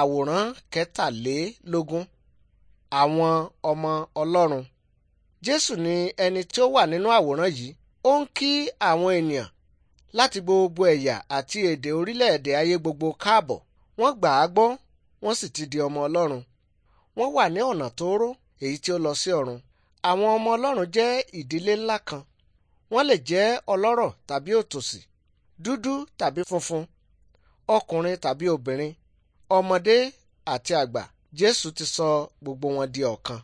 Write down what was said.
àwòrán kẹtàlélógún àwọn ọmọ ọlọ́run jésù ni ẹni tí ó wà nínú àwòrán yìí ó ń kí àwọn ènìyàn láti gbogbo ẹ̀yà àti èdè orílẹ̀-èdè ayé gbogbo káàbọ̀ wọ́n gbà á gbọ́ wọ́n sì ti di ọmọ ọlọ́run wọ́n wà ní ọ̀nà tóóró èyí tí ó lọ sí ọ̀run àwọn ọmọ ọlọ́run jẹ́ ìdílé ńlá kan wọ́n lè jẹ́ ọlọ́rọ̀ tàbí òtòṣì dúdú tàbí funfun ọkùnrin tàbí obìnrin ọmọdé àti àgbà jésù ti sọ gbogbo wọn di ọ̀kan